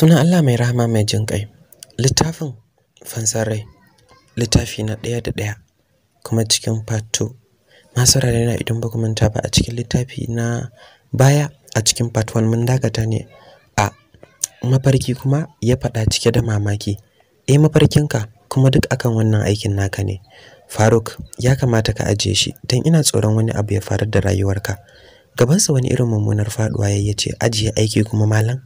sunan Allah mai rahama mai jin ƙai. Littafin fansar rai. Littafi na ɗaya da ɗaya kuma cikin part Masu rare na idan ba manta ba a cikin littafi na baya a cikin part mun dakata ne a mafarki kuma ya faɗa cike da mamaki. Eh mafarkinka kuma duk akan wannan aikin naka ne. Faruk ya kamata ka ajiye shi don ina tsoron wani abu ya faru da rayuwarka. Gabansa wani irin mummunar faɗuwa ya ce ajiye aiki kuma malam.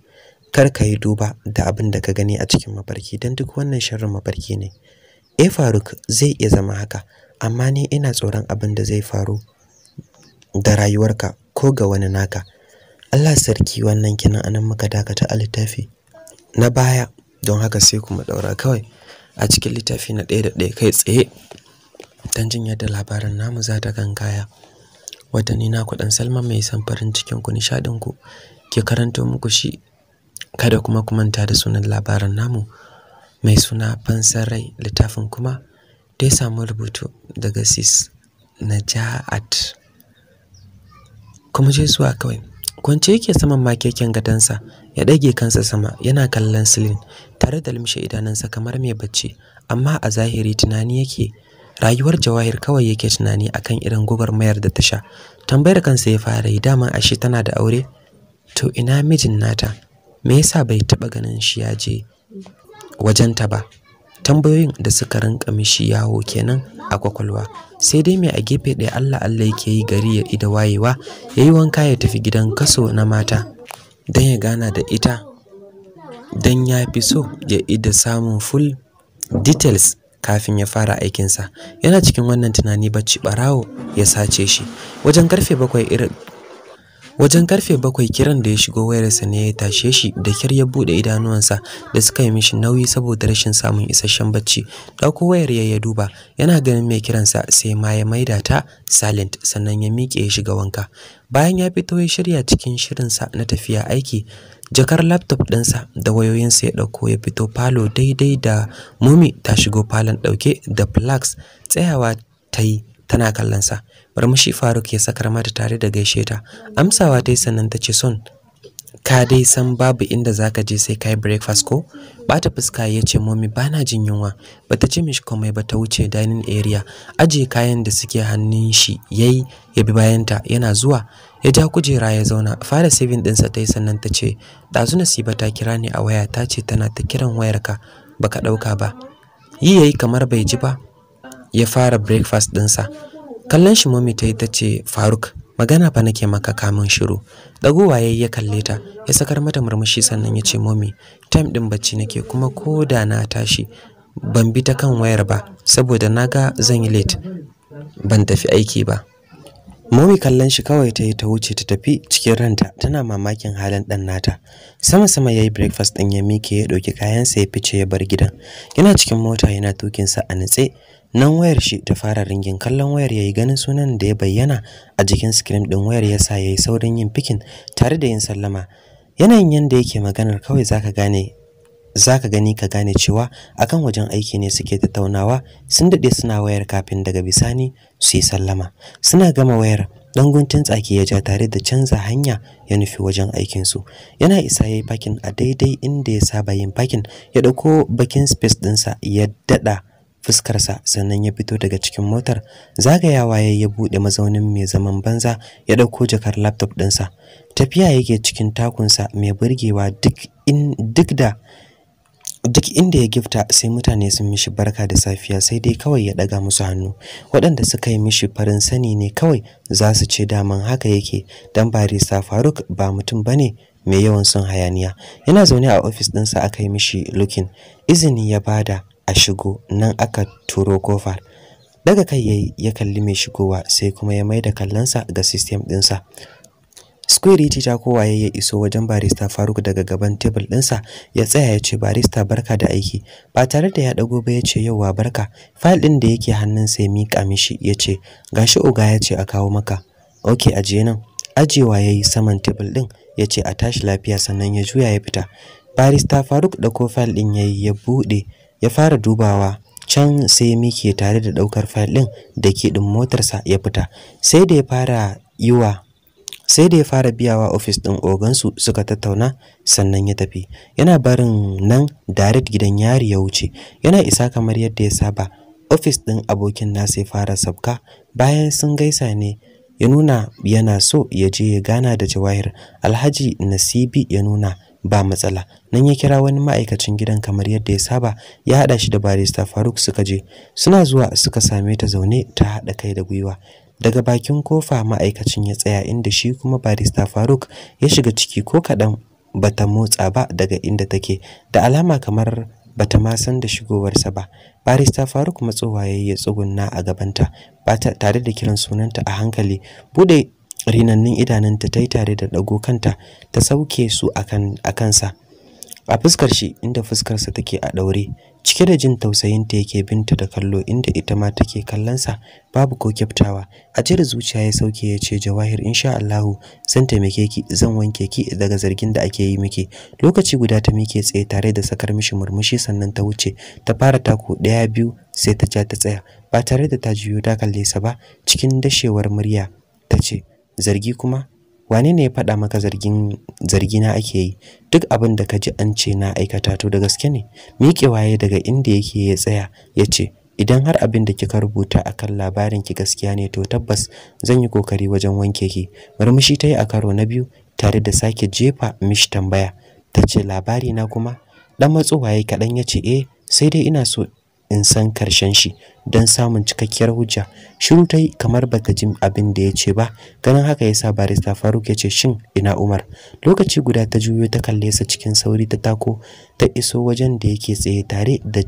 kar ka yi duba da abin da ka gani a cikin mafarki don duk wannan sharrin mafarki ne E, faruk zai iya zama haka amma ni ina tsoron abin da zai faru da rayuwarka ko ga wani naka Allah sarki wannan kina anan muka dakata a littafi na baya don haka sai kuma daura kawai a cikin littafi na ɗaya da ɗaya kai tsaye don jin yadda labarin namu za ta gangaya watanni na kuɗin salma mai san farin cikin ku nishaɗin ku ke karanto muku shi Kada kuma ku manta da sunan labaran namu mai suna Fansar Rai littafin kuma da ya samu rubutu daga Sis ja'at Kuma je zuwa kawai. Kwance yake saman makeken gadansa ya ɗage kansa sama yana kallon silin tare da lumshe idanunsa kamar mai bacci amma a zahiri tunani yake rayuwar jawahir kawai yake tunani akan irin mayar da ta sha tambayar kansa ya fara yi dama ashe tana da aure to ina mijin nata me yasa bai taba ganin shi ya je ta ba tambayoyin da suka rinka mishi yawo kenan a kwakwalwa sai dai mai a gefe ɗaya Allah Allah yake yi gari ya ida wayewa yayi wanka ya tafi gidan kaso na mata dan ya gana da ita dan ya fi so ya ida samun full details kafin ya fara aikinsa yana cikin wannan tunani bacci barawo ya sace shi wajen karfe bakwai Wajen karfe bakwai kiran da ya shigo wayarsa ne ya tashe shi da kyar ya bude idanuwansa da suka yi mishi nauyi saboda rashin samun isasshen bacci. Dauko wayar ya ya duba, yana ganin mai kiransa sai ma ya maida ta silent sannan ya miƙe ya shiga wanka. Bayan ya fito ya shirya cikin shirinsa na tafiya aiki, jakar laptop ɗinsa da wayoyinsa ya ɗauko ya fito falo daidai da Mumi ta shigo falon ɗauke da flags tsayawa ta yi tana kallonsa. murmushi Faruk ya sakar mata tare da gaishe ta amsawa dai sannan ta ce son ka dai san babu inda zaka je sai kai breakfast ko bata fuska ya ce mommy bana jin yunwa bata ce mishi komai ba ta wuce dining area aje kayan da suke hannun shi yayi ya bi bayanta yana zuwa ya ja kujera ya zauna fara saving ɗinsa ta yi sannan ta ce ɗazu nasiba ta kira ni a waya ta ce tana ta kiran wayarka baka ɗauka ba yi yayi kamar bai ji ba ya fara breakfast ɗinsa. kallon shi mummy ta yi ta ce faruk magana fa nake maka kamun shiru dagowa yayi ya kalle ta ya sakar mata murmushi sannan ya ce mummy time din bacci nake kuma ko da na tashi ban bi ta kan wayar ba saboda na ga zan yi late ban tafi aiki ba Mummy kallon shi kawai ta yi ta wuce ta tafi cikin ranta tana mamakin halin dan nata. Sama sama yayi breakfast din ya mike ya dauki kayansa ya fice ya bar gidan. Yana cikin mota yana tukin sa a nitse nan wayar shi ta fara ringin kallon wayar yayi ganin sunan da ya bayyana a jikin screen din wayar ya yasa yayi saurin yin pikin tare da yin sallama yanayin yanda yake maganar kawai zaka gane zaka gani ka gane cewa akan wajen aiki ne suke tattaunawa sun dade suna wayar kafin daga bisani su yi sallama suna gama wayar dan guntun tsaki ya ja tare da canza hanya ya nufi wajen aikin su yana isa yayi parking a daidai inda ya saba yin parking ya dauko bakin space dinsa ya dada fuskarsa sannan ya fito daga cikin motar zagayawa ya ya buɗe mazaunin mai zaman banza ya ɗauko jakar laptop ɗinsa tafiya yake cikin takunsa mai burgewa duk in duk da duk inda ya gifta sai mutane sun mishi barka da safiya sai dai kawai ya ɗaga musu hannu waɗanda suka yi mishi farin sani ne kawai za su ce daman haka yake dan barista faruk ba mutum bane mai yawan son hayaniya yana zaune a ofis ɗinsa aka yi mishi lukin izini ya bada a shigo nan aka turo kofar daga kai yayi ya kalli mai shigowa sai kuma ya maida kallonsa ga system dinsa security ta kowa ya iso wajen barista Faruk daga gaban table dinsa ya tsaya ya ce barista barka da aiki ba tare da ya dago ba ya ce yauwa barka file din da yake hannun sai mika mishi ya ce gashi oga ya ce a kawo maka okay aje nan ajewa yayi saman table din ya ce a tashi lafiya sannan ya juya ya fita barista Faruk da ko file din yayi ya bude ya fara dubawa can sai muke tare da daukar fayil din da ke din motarsa ya fita sai da ya fara yiwa sai da ya fara biyawa ofis din ogansu suka tattauna sannan ya tafi yana barin nan direct gidan yari ya wuce yana isa kamar yadda ya saba ofis din abokin nasa ya fara sabka bayan sun gaisa ne ya nuna yana so ya je ya gana da Jawahir Alhaji Nasibi ya nuna ba matsala nan ya kira wani ma'aikacin gidan kamar yadda ya saba ya hada shi da barista Faruk suka je suna zuwa suka same ta zaune ta hada kai da gwiwa daga bakin kofa ma'aikacin ya tsaya inda shi kuma barista Faruk ya shiga ciki ko kadan bata motsa ba daga inda take da alama kamar bata ma san da shigowarsa ba barista Faruk matsowa yayi ya tsugunna a gabanta ba tare da kiran sunanta a hankali bude rinannin idanunta ta yi tare da ɗago kanta ta sauke su a kansa a fuskar shi inda fuskarsa take a ɗaure cike da jin tausayinta yake binta da kallo inda ita ma take kallonsa babu ko kyaftawa a jira zuciya ya sauke ya ce jawahir insha Allahu zan taimake ki zan wanke ki daga zargin da ake yi miki lokaci guda ta mike tsaye tare da sakar mishi murmushi sannan ta wuce ta fara tako ɗaya biyu sai ta ja ta tsaya ba tare da ta juyo ta kalle sa ba cikin dashewar murya ta ce zargi kuma wane ne ya faɗa maka zargin zargi zargina ake yi duk abin da ka ji an ce na aikata to da gaske ne miƙe waye daga inda yake ya tsaya ya ce idan har abin da kika rubuta akan labarin ki gaskiya ne to tabbas zan yi kokari wajen wanke ki murmushi ta yi a karo na biyu tare da sake jefa mishi tambaya ta ce labari na kuma dan matsowa waye kaɗan ya ce eh sai dai ina so in san karshen shi don samun cikakkiyar hujja shiru ta kamar baka jin abin da ya ce ba ganin haka yasa barista faruk ya ce shin ina umar lokaci guda ta juyo ta kalle sa cikin sauri ta tako ta iso wajen da yake tsaye tare da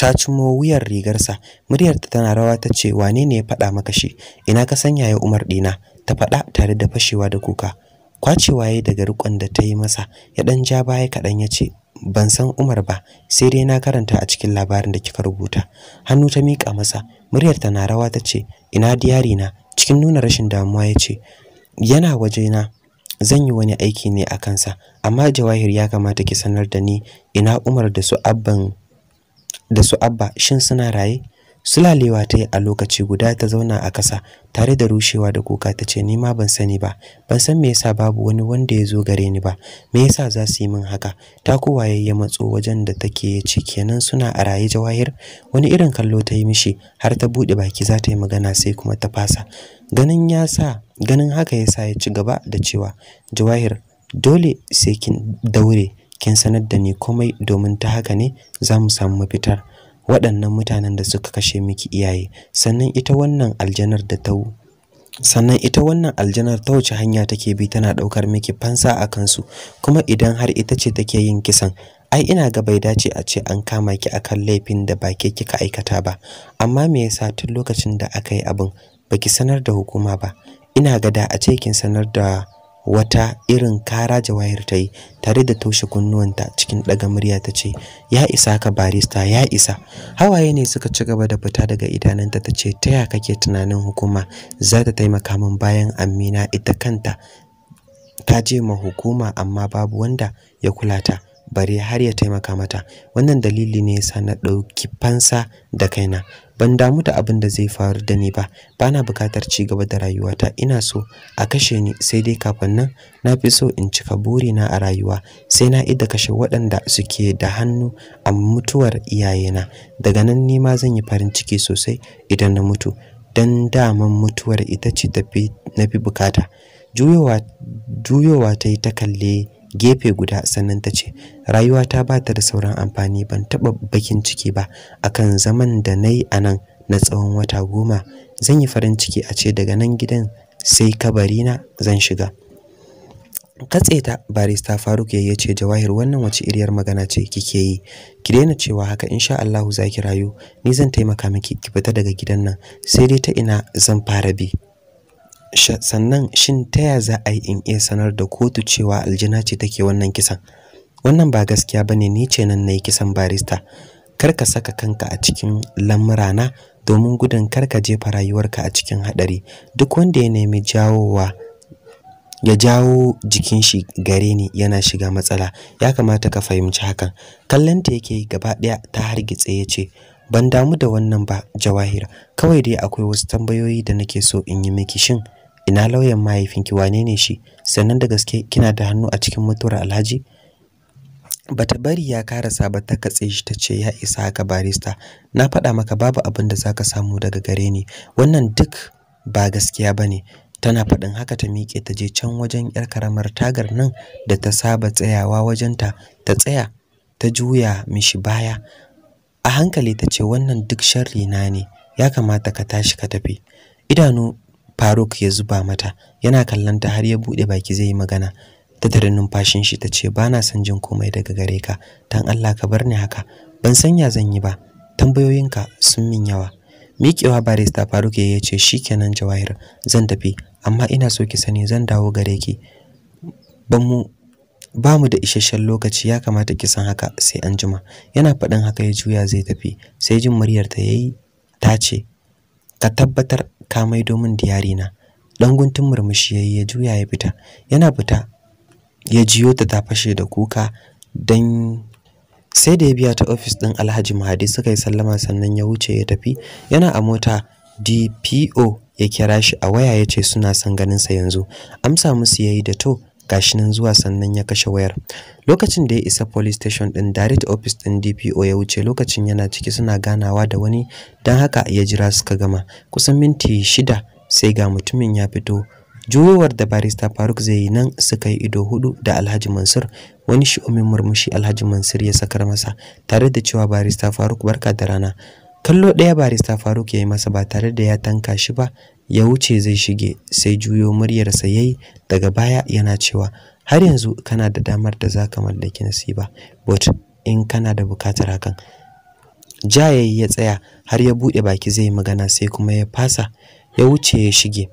cacimo wuyar rigarsa muryarta tana rawa ta ce wane ne ya faɗa maka shi ina ka sanya ya umar ɗina ta faɗa tare da fashewa da kuka kwacewa ya daga rikon da ta yi masa ya ɗan ja baya kaɗan ya ce ban san Umar ba sai dai na karanta a cikin labarin da kika rubuta hannu ta mika masa muryar ta na rawa tace ina diyari na cikin nuna rashin damuwa yace yana waje na zan yi wani aiki ne a kansa amma Jawahir ya kamata ki sanar da ni ina Umar da su abban da su Abba shin suna raye sulalewa ta yi a lokaci guda ta zauna a ƙasa tare da rushewa da kuka ta ce ni ma ban sani ba ban san me yasa babu wani wanda ya zo gare ni ba me yasa za su yi min haka ta kowa ya matso wajen da take ci kenan suna a raye jawahir wani irin kallo ta yi mishi har ta buɗe baki za ta yi magana sai kuma ta fasa ganin ya sa ganin haka ya sa ya ci gaba da cewa jawahir dole sai kin daure kin sanar da ni komai domin ta haka ne za mu samu mafitar waɗannan mutanen da suka kashe miki iyaye sannan ita wannan aljanar da ta sannan ita wannan aljanar ta wuce hanya take bi tana ɗaukar miki fansa a kansu kuma idan har ita ce take yin kisan ai ina ga bai dace a ce an kama ki akan laifin da baki kika aikata ba amma me yasa tun lokacin da aka yi abin baki sanar da hukuma ba ina ga da a ce kin sanar da wata irin kara jawahir ta yi tare da toshe kunnuwanta cikin ɗaga murya ta ce ya isa ka barista ya isa hawaye ne suka ci gaba da fita daga idananta ta ce ta ya kake tunanin hukuma za ta taimaka min bayan amina ita kanta ta je ma hukuma amma babu wanda ya kula ta bare har ya taimaka mata wannan dalili ne yasa na ɗauki fansa da kaina ban damu da abin da zai faru da ni ba bana bukatar ci gaba da rayuwata ina so a kashe ni sai dai kafin nan na fi so in cika burina a rayuwa sai na ida kashe waɗanda suke da hannu a mutuwar iyayena daga nan ni ma zan yi farin ciki sosai idan na mutu dan daman mutuwar ita ce na fi bukata juyowa ta yi ta kalle gefe guda sannan ta ce rayuwa ta ba ta da sauran amfani ban taɓa bakin ciki ba akan zaman da na yi a nan na tsawon wata goma zan yi farin ciki a ce daga nan gidan sai kabarina zan shiga katse ta barista Faruk ya ce Jawahir wannan wace iriyar magana ce kike yi ki daina cewa haka insha allahu zaki rayu ni zan taimaka miki ki fita daga gidan nan sai dai ta ina zan fara bi sannan shin ta ya za a yi in iya sanar da kotu cewa aljina ce take wannan kisan wannan ba gaskiya bane ni ce nan nayi kisan barista kar ka saka kanka a cikin lamurana domin gudun kar ka jefa rayuwarka a cikin haɗari. duk wanda ya nemi jawowa ya jawo jikin shi gare ni yana shiga matsala ya kamata ka fahimci hakan Kallon ta yake gaba daya ta hargitse ya ce ban damu da wannan ba jawahir kawai dai akwai wasu tambayoyi da nake so in yi miki shin ina lauyan mahaifinki wane ne shi sannan da gaske kina da hannu a cikin mutuwar alhaji bata bari ya karasa ba ta katse shi ta ce ya isa haka barista na faɗa maka babu abin da zaka samu daga gare ni wannan duk ba gaskiya bane tana faɗin haka ta miƙe ta je can wajen yar karamar tagar nan da ta saba tsayawa wajenta ta tsaya ta juya mishi baya a hankali ta ce wannan duk sharri na ne ya kamata ka tashi ka tafi idanu Faruk ya zuba mata yana kallon ta har ya bude baki zai yi magana ta tare numfashin shi tace bana son jin komai daga gare ka dan Allah ka bar ni haka ban san ya zan yi ba tambayoyinka sun min yawa miƙewa barista Faruk ya ce shikenan Jawahir zan tafi amma ina so ki sani zan dawo gare ki ban mu ba mu da isasshen lokaci ya kamata ki san haka sai an jima yana faɗin haka ya juya zai tafi sai jin muryar ta yayi ta ce ka tabbatar ka maido min diyari na dan guntun murmushi yayi ya juya ya fita yana fita ya jiyo ta ta fashe da kuka dan sai da ya biya ta ofis din Alhaji Mahadi suka yi sallama sannan ya wuce ya tafi yana a mota DPO ya kira shi a waya yace suna son ganin sa yanzu amsa musu yayi da to gashi nan zuwa sannan ya kashe wayar lokacin da ya isa police station din direct office din DPO ya wuce lokacin yana ciki suna ganawa da wani dan haka ya jira suka gama kusan minti shida sai ga mutumin ya fito juyowar da barista Faruk zai yi nan suka yi ido hudu da Alhaji Mansur wani shi'umin murmushi Alhaji Mansur ya sakar masa tare da cewa barista Faruk barka da rana kallo ɗaya barista Faruk ya yi masa ba tare da ya tanka shi ba ya wuce zai shige sai juyo muryarsa yayi daga baya yana cewa har yanzu kana da damar da zaka mallaki nasiba but in kana da bukatar hakan jaye ya tsaya har ya bude baki zai yi magana sai kuma ya fasa ya wuce ya shige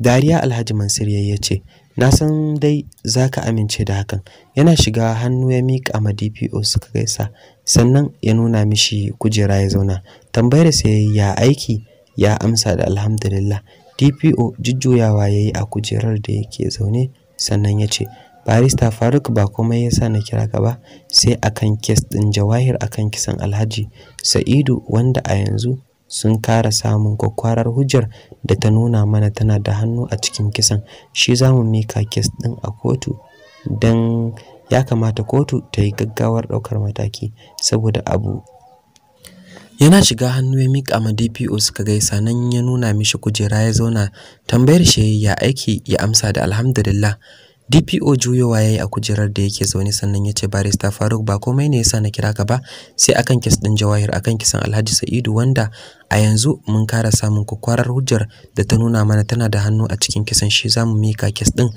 dariya alhaji mansur ya ce na san dai zaka amince da hakan yana shiga hannu ya miƙa ma DPO suka gaisa sannan ya nuna mishi kujera ya zauna tambayar sai ya aiki ya amsa da alhamdulillah DPO jujjuyawa ya yi a kujerar da yake zaune sannan ya ce, Barista Faruk ba komai ya sa na kira ka ba sai akan kes ɗin Jawahir a kan kisan Alhaji Sa'idu wanda a yanzu sun kara samun kwakwarar hujjar da ta nuna mana tana da hannu a cikin kisan shi za mu mika kes ɗin a kotu don ya kamata kotu ta yi gaggawar ɗaukar mataki saboda abu yana shiga hannu ya mika ma DPO suka gaisa nan ya nuna mishi kujera ya zauna tambayar shi ya aiki ya amsa da alhamdulillah DPO juyowa yayi a kujerar da yake zaune sannan ya ce barista Faruk ba komai ne yasa na kira ka ba sai akan kes din Jawahir akan kisan Alhaji Sa'idu wanda a yanzu mun kara samun kwakwarar hujjar da ta nuna mana tana da hannu a cikin kisan shi zamu mika kes din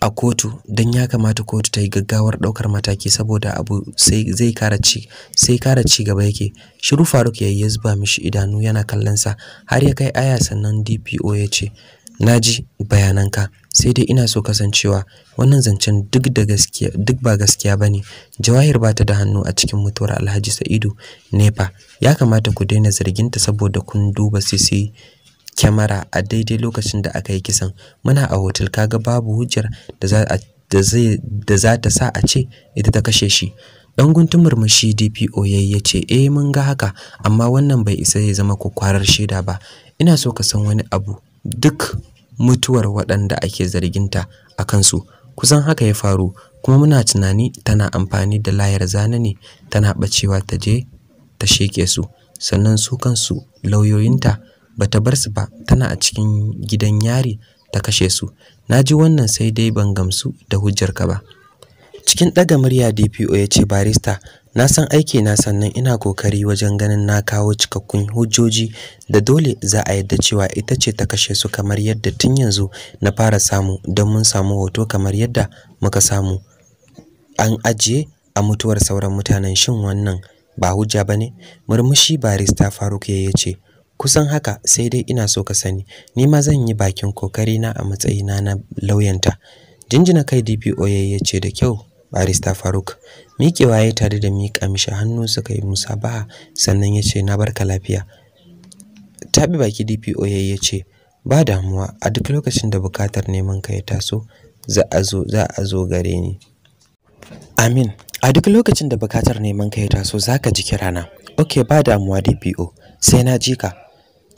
a kotu don ya kamata kotu ta yi gaggawar ɗaukar mataki saboda abu sai zai kara ci gaba yake shiru faruk yayi ya zuba mishi idanu yana kallonsa, har ya kai aya sannan dpo ya ce na ji bayananka sai dai ina so kasancewa wannan zancen duk ba gaskiya ba ne. bane ba ta da hannu a cikin mutuwar alhaji sa'idu nepa ya kamata ku daina zarginta saboda kun duba sisi kyamara a daidai lokacin da aka yi kisan muna a hotel kaga babu hujjar da za ta sa a ce ita ta kashe shi Ɗan guntun murmushi DPO yayi ce, eh mun ga haka amma wannan bai isa ya zama kwakwarar shaida ba ina so ka san wani abu duk mutuwar waɗanda ake zarginta a kansu kusan haka ya faru kuma muna tunani tana amfani da layar zana ne tana bacewa ta je ta sheke su sannan su kansu lauyoyinta bata bar su ba tana a cikin gidan yari ta kashe su naji wannan sai dai ban gamsu da hujjarka ba cikin ɗaga murya DPO ya ce barista na san aiki na sannan ina kokari wajen ganin na kawo cikakkun hujjoji da dole za a yadda cewa ita ce ta kashe su kamar yadda tun yanzu na fara samu don mun samu hoto kamar yadda muka samu an ajiye a mutuwar sauran mutanen shin wannan ba hujja ne? murmushi barista Faruk ya ce kusan haka sai dai ina so ka sani ni ma zan yi bakin kokari na a matsayina na lauyanta jinjina kai DPO ya ce da kyau barista Faruk miƙewa ya tare da miƙa mishi hannu suka yi musabaha sannan ya ce na barka lafiya tabi baki DPO ya ce ba damuwa a duk lokacin da bukatar neman ka ya taso za a zo za a zo gare ni amin a duk lokacin da bukatar neman ka ya taso zaka ji kirana Ok ba damuwa DPO sai na ji ka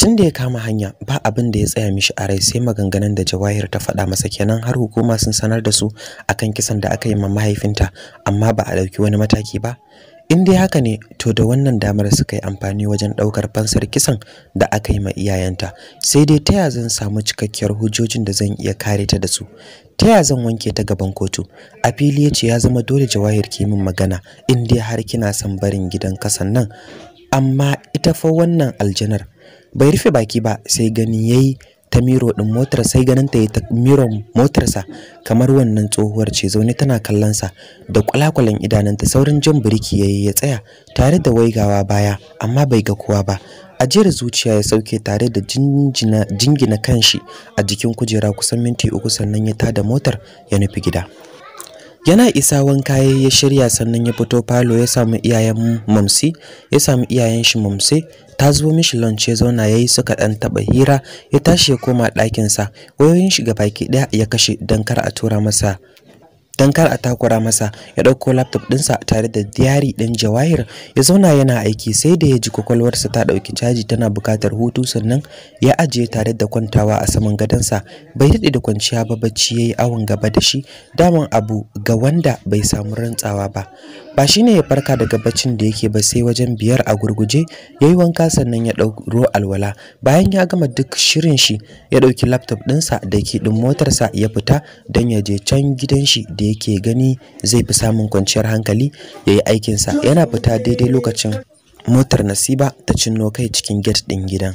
tun da ya kama hanya ba abin da ya tsaya mishi a rai sai maganganun da jawahir ta faɗa masa kenan har hukuma sun sanar da su akan kisan da aka yi ma mahaifinta amma ba a ɗauki wani mataki ba in dai haka ne to da wannan damar suka yi amfani wajen ɗaukar fansar kisan da aka yi ma iyayenta sai dai taya zan samu cikakkiyar hujjojin da zan iya kare ta da su Ta taya zan wanke ta gaban kotu a fili ya ce ya zama dole jawahir ki min magana in dai har kina son barin gidan kasan nan amma ita fa wannan aljanar bai rufe baki ba sai gani yayi ta miro din motar sai ganin ta ta miron motarsa kamar wannan tsohuwar ce zaune tana kallon sa da kwalakwalan idananta saurin jan biriki yayi ya tsaya tare da waigawa baya amma bai ga kowa ba ajiyar zuciya ya sauke tare da jingina kanshi a jikin kujera kusan minti uku sannan ya tada motar ya nufi gida yana isa wanka ya ya shirya sannan ya fito falo ya samu iyayen mamsi ya samu iyayen shi mamsi ta zubo mishi lunch ya zauna yayi suka dan taba hira ya tashi ya koma ɗakin sa wayoyin shi baki daya ya kashe dan kar a tura masa dan kar a takura masa ya ɗauko laptop ɗinsa tare da diyari ɗin jawahir ya zauna yana aiki sai da ya ji kwakwalwarsa ta ɗauki caji tana buƙatar hutu sannan ya ajiye tare da kwantawa a saman gadonsa bai daɗe da kwanciya ba bacci yayi yi awon gaba da shi daman abu ga wanda bai samu rantsawa ba ba ne ya farka daga baccin da yake ba sai wajen biyar a gurguje ya yi wanka sannan ya ɗauro alwala bayan ya gama duk shirin shi ya ɗauki laptop ɗinsa da ke ɗin motarsa ya fita don ya je can gidan shi da yake gani zai fi samun kwanciyar hankali ya yi aikinsa yana fita daidai lokacin motar nasiba ta cinno kai cikin gate ɗin gidan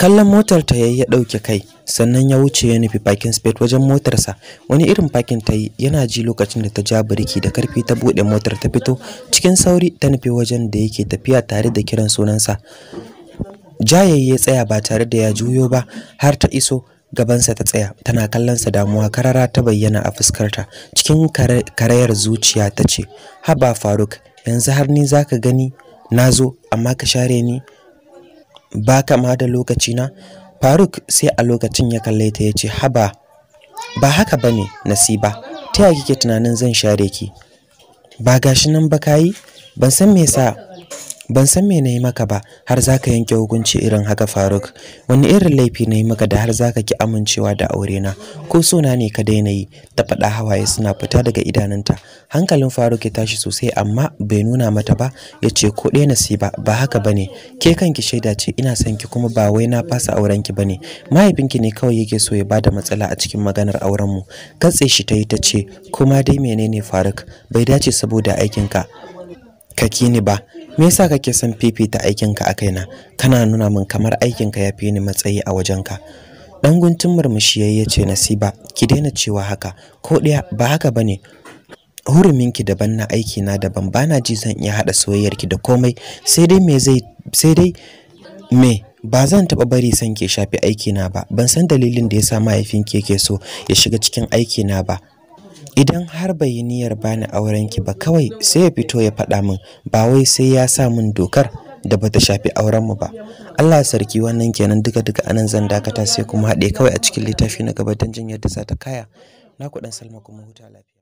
kallon motar ta yayi ya ɗauke kai sannan ya wuce ya nufi parking spot wajen motarsa wani irin parking ta yi yana ji lokacin da ta ja birki da karfi ta buɗe motar ta fito cikin sauri ta nufi wajen da yake tafiya tare da kiran sunansa Ja ya tsaya ba tare da ya juyo ba har ta iso gabansa ta tsaya tana kallonsa damuwa karara ta bayyana a fuskarta cikin karayar zuciya ta ce haba faruk yanzu har ni zaka gani na zo amma ka share ni ba ka ma da lokaci na Faruk sai a lokacin ya kalle ta ya ce haba ba haka bane Nasiba ta yake kike tunanin zan share ki ba gashi nan ba kai ban san me yasa ban san me na yi maka ba har zaka yanke hukunci irin haka faruk wani irin laifi na yi maka da har zaka ki amincewa da aure na? ko sona ne ka daina yi ta faɗa hawaye suna fita daga idanunta hankalin faruk ya tashi sosai amma bai nuna mata ba yace ko ɗaya nasiba ba ba haka bane ne ke kanki shaida ce ina son ki kuma ba wai na fasa aurenki ba ne mahaifinki ne kawai yake so ya bada matsala a cikin maganar auren mu katse shi ta yi ta ce kuma dai menene faruk bai dace saboda aikinka ka kini ba me yasa kake son fifita aikinka a kaina kana nuna min kamar aikinka ya fi ni matsayi a wajen ka? dan guntun murmushi ya ce nasiba ki daina cewa haka ko ɗaya ba haka bane huruminki daban na aiki na daban bana ji zan iya hada soyayyarki da komai sai dai me zai sai dai me ba zan taba bari san ke shafi na ba ban san dalilin da yasa mahaifinki yake so ya shiga cikin aiki na ba idan har bai yi niyyar bani auren ki ba kawai sai ya fito ya faɗa min ba wai sai ya sa min dokar da bata shafi auren mu ba Allah sarki wannan kenan duka duka anan zan dakata sai kuma haɗe kawai a cikin littafi na gaba don jin yadda za ta kaya na ku kuɗin salma kuma huta lafiya